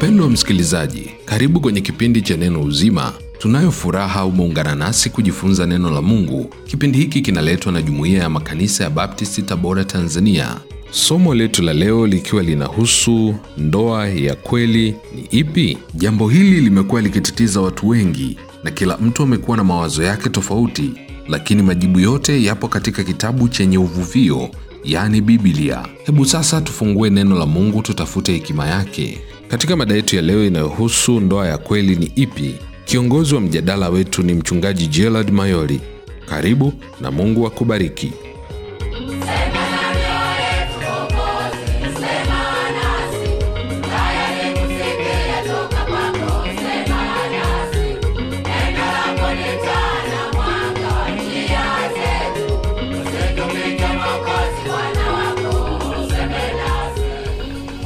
Mpendwa msikilizaji, karibu kwenye kipindi cha Neno Uzima. Tunayo furaha umeungana nasi kujifunza neno la Mungu. Kipindi hiki kinaletwa na Jumuiya ya Makanisa ya Baptisti, Tabora, Tanzania. Somo letu la leo likiwa linahusu ndoa ya kweli ni ipi? Jambo hili limekuwa likitatiza watu wengi na kila mtu amekuwa na mawazo yake tofauti, lakini majibu yote yapo katika kitabu chenye uvuvio, yaani Biblia. Hebu sasa tufungue neno la Mungu, tutafute hekima yake katika mada yetu ya leo inayohusu ndoa ya kweli ni ipi, kiongozi wa mjadala wetu ni Mchungaji Gerald Mayoli. Karibu na Mungu akubariki.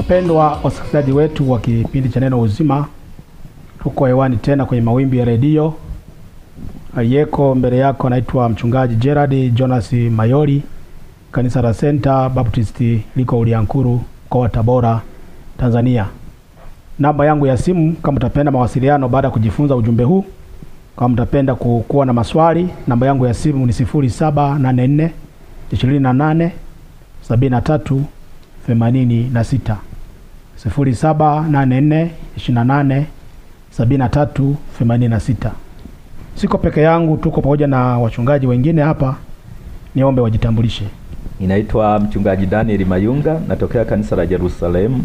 Wapendwa wasikilizaji wetu wa kipindi cha Neno Uzima, huko hewani tena kwenye mawimbi ya redio. Aliyeko mbele yako anaitwa Mchungaji Gerard Jonas Mayori, kanisa la Center Baptist liko Uliankuru, mkoa wa Tabora, Tanzania. Namba yangu ya simu kama mtapenda mawasiliano baada ya kujifunza ujumbe huu, kama mtapenda kuwa na maswali, namba yangu ya simu ni sifuri saba na 0784 28 73 86. 0784 Siko peke yangu, tuko pamoja na wachungaji wengine hapa. Niombe wajitambulishe. Ninaitwa mchungaji Daniel Mayunga, natokea kanisa la Jerusalem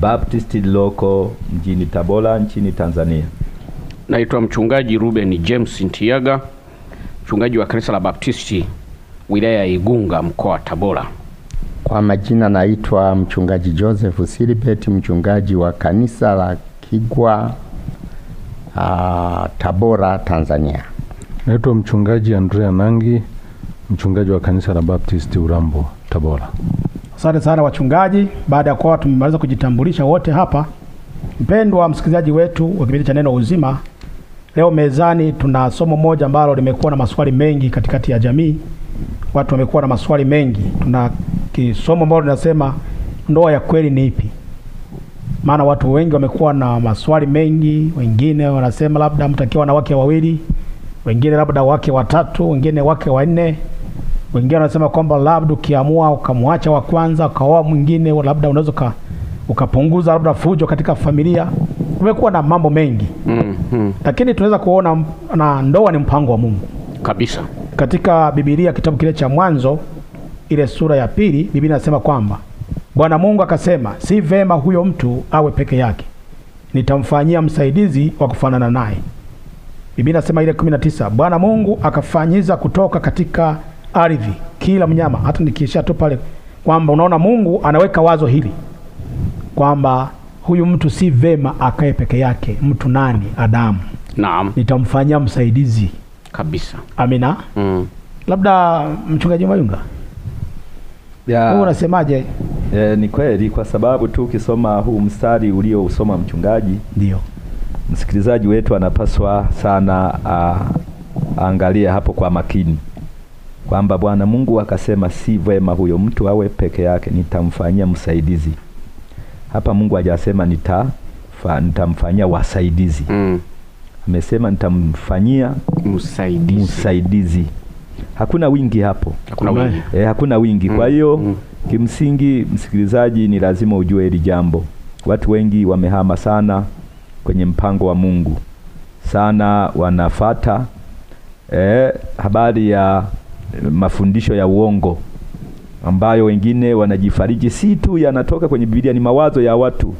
Baptist liloko mjini Tabora nchini Tanzania. Naitwa mchungaji Ruben James Ntiaga, mchungaji wa kanisa la Baptisti wilaya ya Igunga mkoa wa Tabora. Kwa majina naitwa mchungaji Joseph Silibeti, mchungaji wa kanisa la Kigwa uh, Tabora, Tanzania. Naitwa mchungaji Andrea Nangi, mchungaji wa kanisa la Baptisti Urambo, Tabora. Asante sana wachungaji, baada ya kuwa tumemaliza kujitambulisha wote hapa. Mpendwa msikilizaji wetu wa kipindi cha Neno Uzima, leo mezani tuna somo moja ambalo limekuwa na maswali mengi katikati ya jamii. Watu wamekuwa na maswali mengi, tuna kisomo ambalo linasema ndoa ya kweli ni ipi? Maana watu wengi wamekuwa na maswali mengi, wengine wanasema labda mtakiwa na wake wawili, wengine labda wake watatu, wengine wake wanne, wengine wanasema kwamba labda ukiamua ukamwacha wa kwanza ukaoa mwingine, labda unaweza ukapunguza labda fujo katika familia. umekuwa na mambo mengi mm, mm. Lakini tunaweza kuona na ndoa ni mpango wa Mungu kabisa. Katika Biblia kitabu kile cha Mwanzo ile sura ya pili, Biblia inasema kwamba Bwana Mungu akasema, si vema huyo mtu awe peke yake, nitamfanyia msaidizi wa kufanana naye. Biblia inasema ile 19, Bwana Mungu akafanyiza kutoka katika ardhi kila mnyama. Hata nikiisha tu pale kwamba unaona Mungu anaweka wazo hili kwamba huyu mtu si vema akae peke yake. Mtu nani? Adamu. Naam, nitamfanyia msaidizi kabisa. Amina. Mm. Labda mchungaji Mayunga yeah. unasemaje? Eh, ni kweli kwa sababu tu ukisoma huu mstari uliousoma mchungaji, ndio msikilizaji wetu anapaswa sana aangalie hapo kwa makini kwamba Bwana Mungu akasema si vema huyo mtu awe peke yake, nitamfanyia msaidizi. Hapa Mungu hajasema nita nitamfanyia wasaidizi mm. Amesema nitamfanyia msaidizi, msaidizi hakuna wingi hapo, hakuna wingi, e, hakuna wingi. Mm. Kwa hiyo mm. kimsingi, msikilizaji, ni lazima ujue hili jambo, watu wengi wamehama sana kwenye mpango wa Mungu sana, wanafata e, habari ya mafundisho ya uongo ambayo wengine wanajifariji, si tu yanatoka kwenye Biblia, ni mawazo ya watu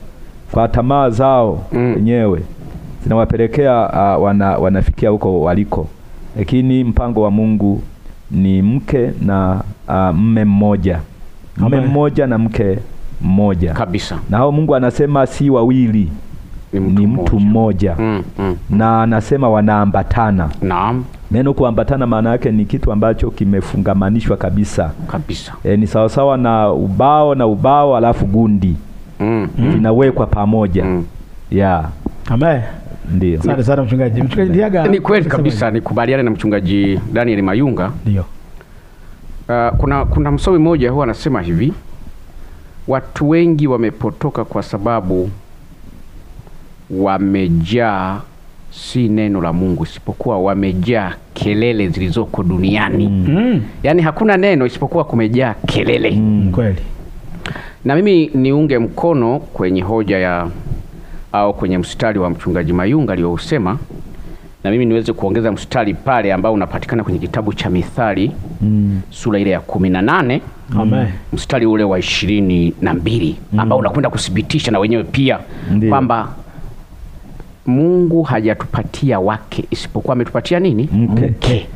kwa tamaa zao mm. wenyewe mm. zinawapelekea uh, wana, wanafikia huko waliko, lakini mpango wa Mungu ni mke na uh, mme mmoja mme mmoja na mke mmoja kabisa, na hao Mungu anasema si wawili ni mtu, ni mtu mmoja, mmoja. Mm, mm. Na anasema wanaambatana. Naam. Neno kuambatana maana yake ni kitu ambacho kimefungamanishwa kabisa kabisa. E, ni sawasawa na ubao na ubao alafu gundi vinawekwa mm, mm. pamoja mm. yeah. Amen. Ndio. Asante sana mchungaji. Mchungaji Ndiaga. Ni kweli kabisa nikubaliane na mchungaji Daniel Mayunga. Ndio. Uh, kuna kuna msomi mmoja huwa anasema hivi, watu wengi wamepotoka kwa sababu wamejaa si neno la Mungu isipokuwa wamejaa kelele zilizoko duniani. Mm. mm. Yaani hakuna neno isipokuwa kumejaa kelele. Mm, kweli. Na mimi niunge mkono kwenye hoja ya au kwenye mstari wa mchungaji Mayunga aliyousema, na mimi niweze kuongeza mstari pale ambao unapatikana kwenye kitabu cha Mithali mm. sura ile ya kumi na nane mstari ule wa ishirini na mbili mm. ambao unakwenda kuthibitisha na wenyewe pia kwamba Mungu hajatupatia wake isipokuwa ametupatia nini? Mke. Mke.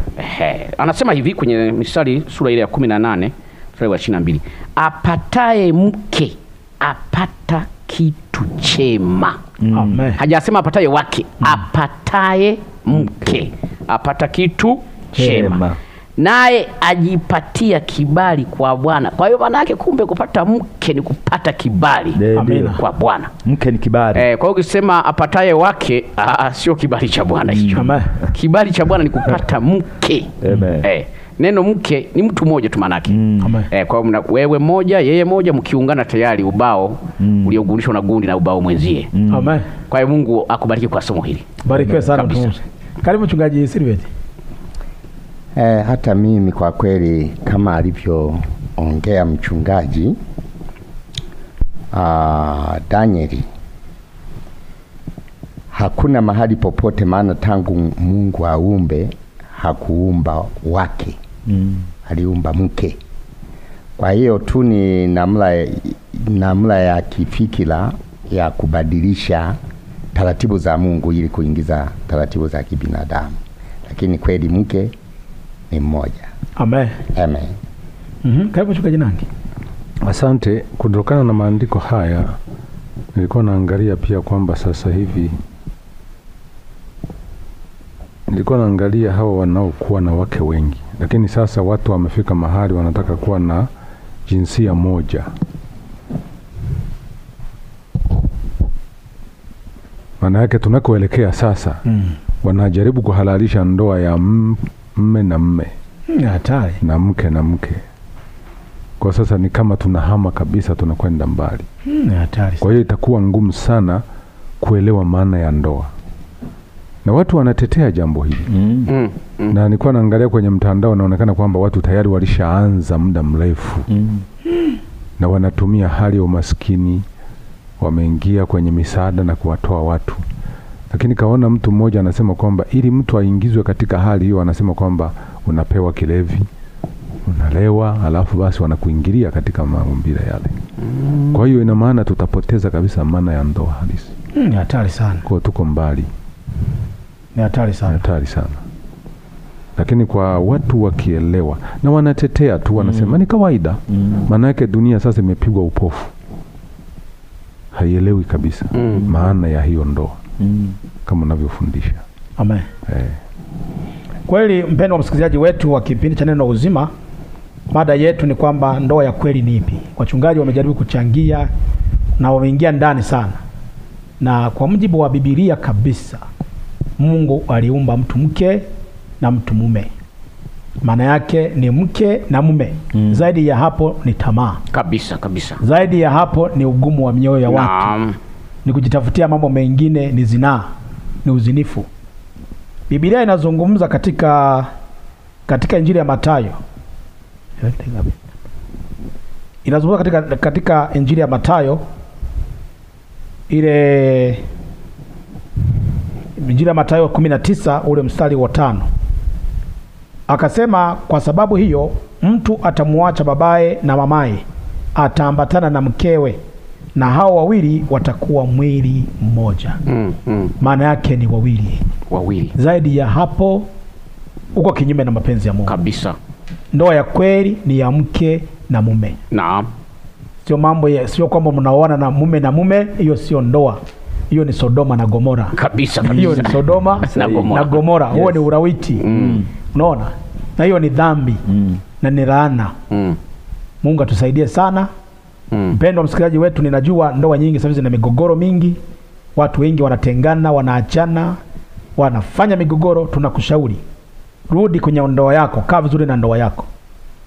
Anasema hivi kwenye mistari sura ile ya kumi na nane mstari wa ishirini na mbili apataye mke apata kitu kitu chema. mm. Hajasema apataye wake, mm. apataye mke mm. apata kitu chema, naye ajipatia kibali kwa Bwana. Kwa hiyo maana yake kumbe kupata mke ni kupata kibali kwa Bwana. Mke ni kibali eh. Kwa hiyo ukisema apataye wake, sio kibali cha Bwana hicho. Kibali cha Bwana ni kupata mke. Amen. Eh neno mke ni mtu mmoja tu manake mm. E, kwa hiyo wewe moja yeye moja, mkiungana tayari ubao mm. uliogundishwa na gundi na ubao mwenzie mm. Amen. Kwa hiyo Mungu akubariki kwa somo hili, barikiwe sana mtumishi. Karibu mchungaji Silvet. Eh, hata mimi kwa kweli kama alivyoongea mchungaji ah, Danieli hakuna mahali popote, maana tangu Mungu aumbe hakuumba wake mm. aliumba mke. Kwa hiyo tu ni namla namla ya kifikira ya kubadilisha taratibu za Mungu ili kuingiza taratibu za kibinadamu, lakini kweli mke ni mmoja. Amen. Amen. Mm -hmm. Karibu chukua Asante. Kutokana na maandiko haya nilikuwa naangalia pia kwamba sasa hivi nilikuwa naangalia hawa wanaokuwa na wake wengi lakini sasa watu wamefika mahali wanataka kuwa na jinsia moja. Maana yake tunakoelekea sasa mm. wanajaribu kuhalalisha ndoa ya mme na mme hmm, hatari na mke na mke. Kwa sasa ni kama tunahama kabisa, tunakwenda mbali. Hmm, hatari. Kwa hiyo itakuwa ngumu sana kuelewa maana ya ndoa na watu wanatetea jambo hili mm. Mm. na nilikuwa naangalia kwenye mtandao, naonekana kwamba watu tayari walishaanza muda mrefu mm. na wanatumia hali ya umaskini, wameingia kwenye misaada na kuwatoa watu, lakini kaona mtu mmoja anasema kwamba ili mtu aingizwe katika hali hiyo, anasema kwamba unapewa kilevi unalewa alafu basi wanakuingilia katika maumbile yale. Mm. Kwa hiyo ina maana tutapoteza kabisa maana ya ndoa halisi. Mm, hatari mm, sana. Kwa tuko mbali ni hatari sana, hatari sana. Lakini kwa watu wakielewa na wanatetea tu wanasema mm. ni kawaida mm. yake dunia sasa imepigwa upofu, haielewi kabisa mm. maana ya hiyo ndoa mm. kama unavyofundisha. Amen. Eh. Kweli mpendo wa msikilizaji wetu wa kipindi cha Neno Uzima, mada yetu ni kwamba ndoa ya kweli ni ipi? Wachungaji wamejaribu kuchangia na wameingia ndani sana, na kwa mujibu wa Biblia kabisa Mungu aliumba mtu mke na mtu mume, maana yake ni mke na mume mm. Zaidi ya hapo ni tamaa kabisa kabisa, zaidi ya hapo ni ugumu wa mioyo ya watu na, ni kujitafutia mambo mengine, ni zinaa, ni uzinifu. Biblia inazungumza katika katika Injili ya Mathayo inazungumza katika, katika Injili ya Mathayo ile Injili ya Mathayo 19 ule mstari wa tano akasema, kwa sababu hiyo mtu atamuacha babaye na mamaye, ataambatana na mkewe na hao wawili watakuwa mwili mmoja. mm, mm. Maana yake ni wawili wawili. Zaidi ya hapo uko kinyume na mapenzi ya Mungu kabisa. Ndoa ya kweli ni ya mke na mume. Naam, sio mambo ya sio kwamba mnaoana na mume na mume, hiyo sio ndoa hiyo ni Sodoma na Gomora kabisa, kabisa. hiyo ni Sodoma na Gomora, na Gomora. Yes. Huo ni mm. urawiti mm. Unaona, na hiyo ni dhambi mm. na ni laana mm. Mungu atusaidie sana mm. mpendwa mm. msikilizaji wetu, ninajua ndoa nyingi sasa zina migogoro mingi, watu wengi wanatengana, wanaachana, wanafanya migogoro. Tunakushauri rudi kwenye ndoa yako, kaa vizuri na ndoa yako,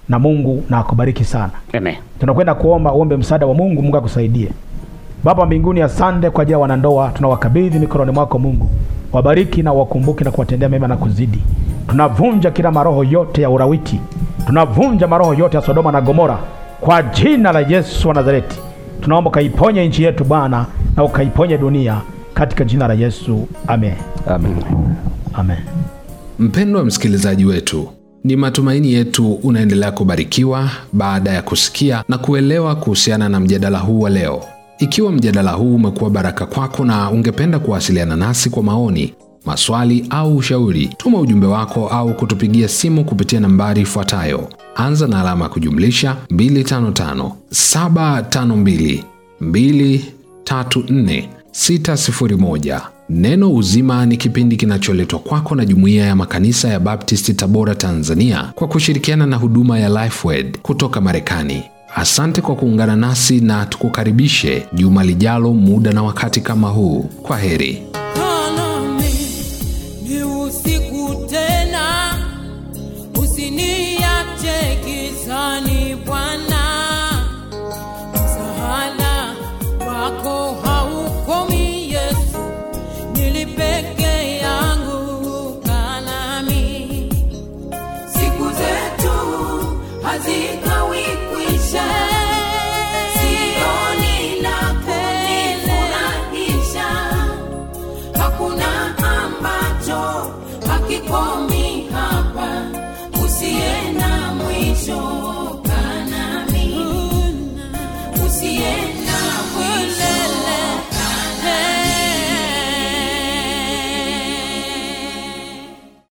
na Mungu na akubariki sana. Amen. Tunakwenda kuomba, uombe msaada wa Mungu, Mungu akusaidie. Baba mbinguni, asante kwa ajili ya wanandoa, tunawakabidhi mikononi mwako Mungu, wabariki na wakumbuke na kuwatendea mema na kuzidi. Tunavunja kila maroho yote ya urawiti, tunavunja maroho yote ya Sodoma na Gomora kwa jina la Yesu wa Nazareti. Tunaomba ukaiponye nchi yetu Bwana na ukaiponye dunia katika jina la Yesu, amen. Amen. Amen. Mpendwa msikilizaji wetu, ni matumaini yetu unaendelea kubarikiwa baada ya kusikia na kuelewa kuhusiana na mjadala huu wa leo. Ikiwa mjadala huu umekuwa baraka kwako na ungependa kuwasiliana nasi kwa maoni, maswali au ushauri, tuma ujumbe wako au kutupigia simu kupitia nambari ifuatayo: anza na alama ya kujumlisha 255 Neno Uzima ni kipindi kinacholetwa kwako na Jumuiya ya Makanisa ya Baptisti Tabora, Tanzania, kwa kushirikiana na huduma ya Lifewed kutoka Marekani. Asante kwa kuungana nasi na tukukaribishe juma lijalo, muda na wakati kama huu. Kwa heri. Ni usiku tena.